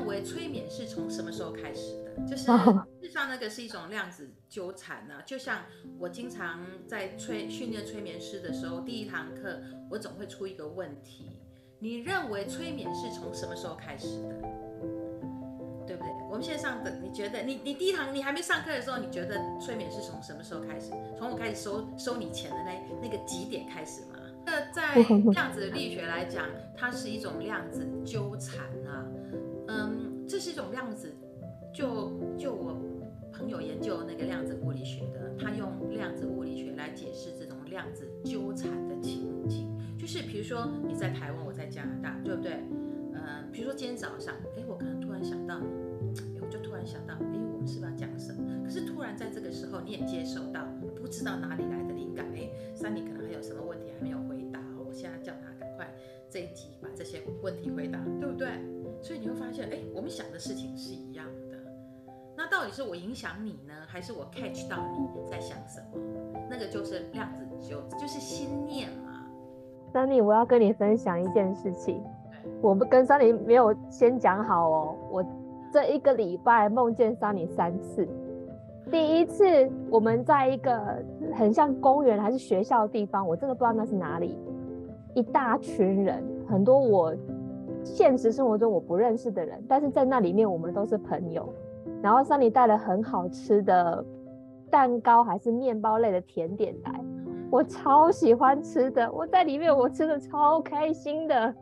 認為催眠是從什麼時候開始的？就是事實上那個是一種量子糾纏呢、啊？就像我經常在催訓練催眠師的時候，第一堂課我總會出一個問題：你認為催眠是從什麼時候開始的？對不對？我們現在上的，你覺得你你第一堂你還沒上課的時候，你覺得催眠是從什麼時候開始？從我開始收收你錢的那那個幾點開始嗎？那在量子的力學來講，它是一種量子糾纏啊。嗯，這是一種量子，就就我朋友研究那個量子物理學的，他用量子物理學來解釋這種量子糾纏的情景。就是比如說你在台灣，我在加拿大，對不對？嗯，比如說今天早上，誒，我可能突然想到，哎，我就突然想到，誒，我們是不是要講什麼？可是突然在這個時候，你也接受到不知道哪裡來的靈感，誒，那你可能還有什麼問題還沒有回答，我現在叫他趕快這一集把這些問題回答，對不對？所以你會發現，哎、欸，我們想的事情是一樣的。那到底是我影響你呢，還是我 catch 到你在想什麼？那個就是量子糾，就是心念嘛。Sunny，我要跟你分享一件事情。我不跟 Sunny 沒有先講好哦。我這一個禮拜夢見 Sunny 三次。第一次，我們在一個很像公園還是學校的地方，我真的不知道那是哪裡。一大群人，很多我。現實生活中我不認識的人，但是在那裡面我們都是朋友。然後桑尼帶了很好吃的蛋糕，還是麵包類的甜點來，我超喜歡吃的。我在裡面我吃得超開心的，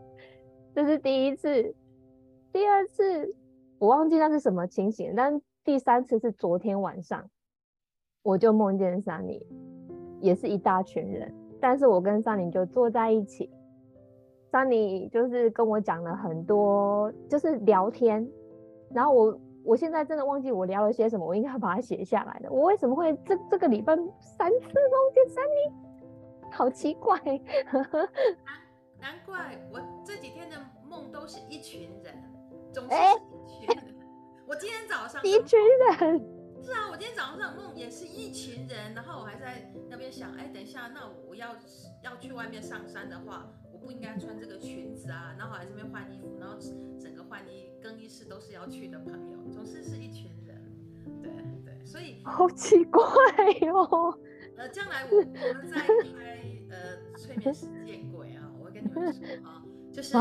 這是第一次。第二次我忘記那是什麼情形，但第三次是昨天晚上，我就夢見桑尼，也是一大群人，但是我跟桑尼就坐在一起。Sunny 就是跟我講了很多，就是聊天，然後我我現在真的忘記我聊了些什麼，我應該把它寫下來的。我為什麼會這這個禮拜三次夢見 Sunny？好奇怪、欸 啊，難怪我這幾天的夢都是一群人，總是一群、欸欸。我今天早上的一群人，是啊，我今天早上的夢也是一群人，然後我還在那邊想，哎、欸，等一下，那我要要去外面上山的話。你更衣室都是要去的朋友，總是是一群人，對對，所以好奇怪喲、哦。呃，將來我我在開呃催眠師見鬼啊，我跟你們說啊、哦，就是事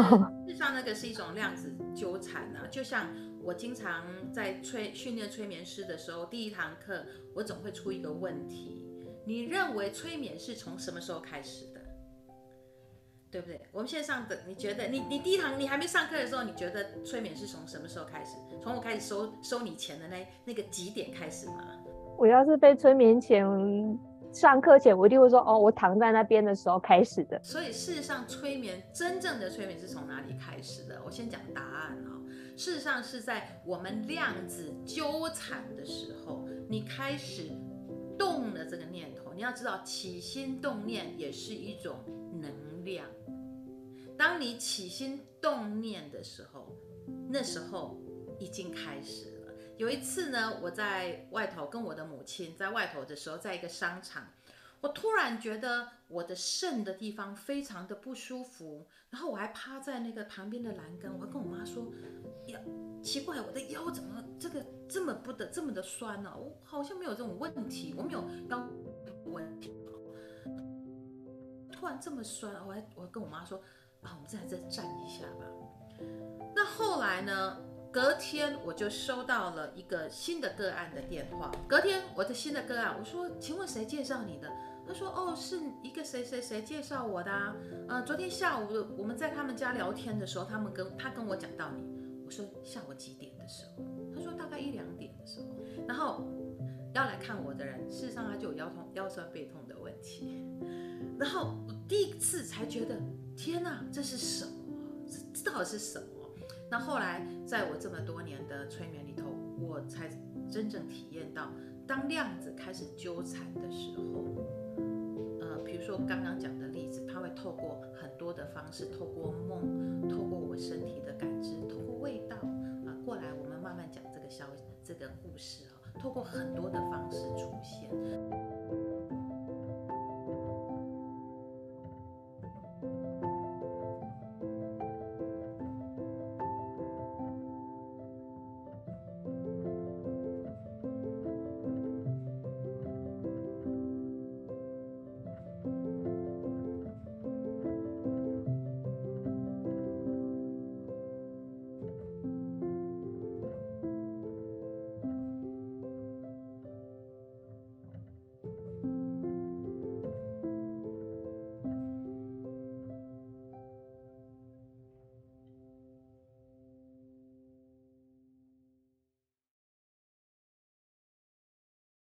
實上那個是一種量子糾纏啊，就像我經常在催訓練催眠師的時候，第一堂課我總會出一個問題：你認為催眠是從什麼時候開始的？對不對？我們現在上的，你覺得你你第一堂你還沒上課的時候，你覺得催眠是從什麼時候開始？從我開始收收你錢的那那個幾點開始嗎？我要是被催眠前上課前，我一定會說哦，我躺在那邊的時候開始的。所以事實上，催眠真正的催眠是從哪裡開始的？我先講答案啊。事實上是在我們量子糾纏的時候，你開始動了這個念頭。你要知道，起心動念也是一種。能量。當你起心動念的時候，那時候已經開始了。有一次呢，我在外頭跟我的母親在外頭的時候，在一個商場，我突然覺得我的腎的地方非常的不舒服，然後我還趴在那個旁邊的欄杆，我還跟我媽說：“呀，奇怪，我的腰怎麼這個這麼不得這麼的酸呢？啊？我好像沒有這種問題，我沒有腰問題。我”突然這麼酸，我還我跟我媽說啊，我們再再站一下吧。那後來呢？隔天我就收到了一個新的個案的電話。隔天我的新的個案，我說，請問誰介紹你的？他說哦，是一個誰誰誰介紹我的啊。呃，昨天下午我們在他們家聊天的時候，他們跟他跟我講到你。我說下午幾點的時候？他說大概一兩點的時候。然後要來看我的人，事實上他就有腰痛、腰酸背痛的問題。然後。第一次才覺得，天哪，這是什麼這？這到底是什麼？那後來，在我這麼多年的催眠裡頭，我才真正體驗到，當量子開始糾纏的時候，呃，比如說剛剛講的例子，它會透過很多的方式，透過夢，透過我身體的感知，透過味道啊、呃、過來。我們慢慢講這個消息這個故事啊、哦，透過很多的方式出現。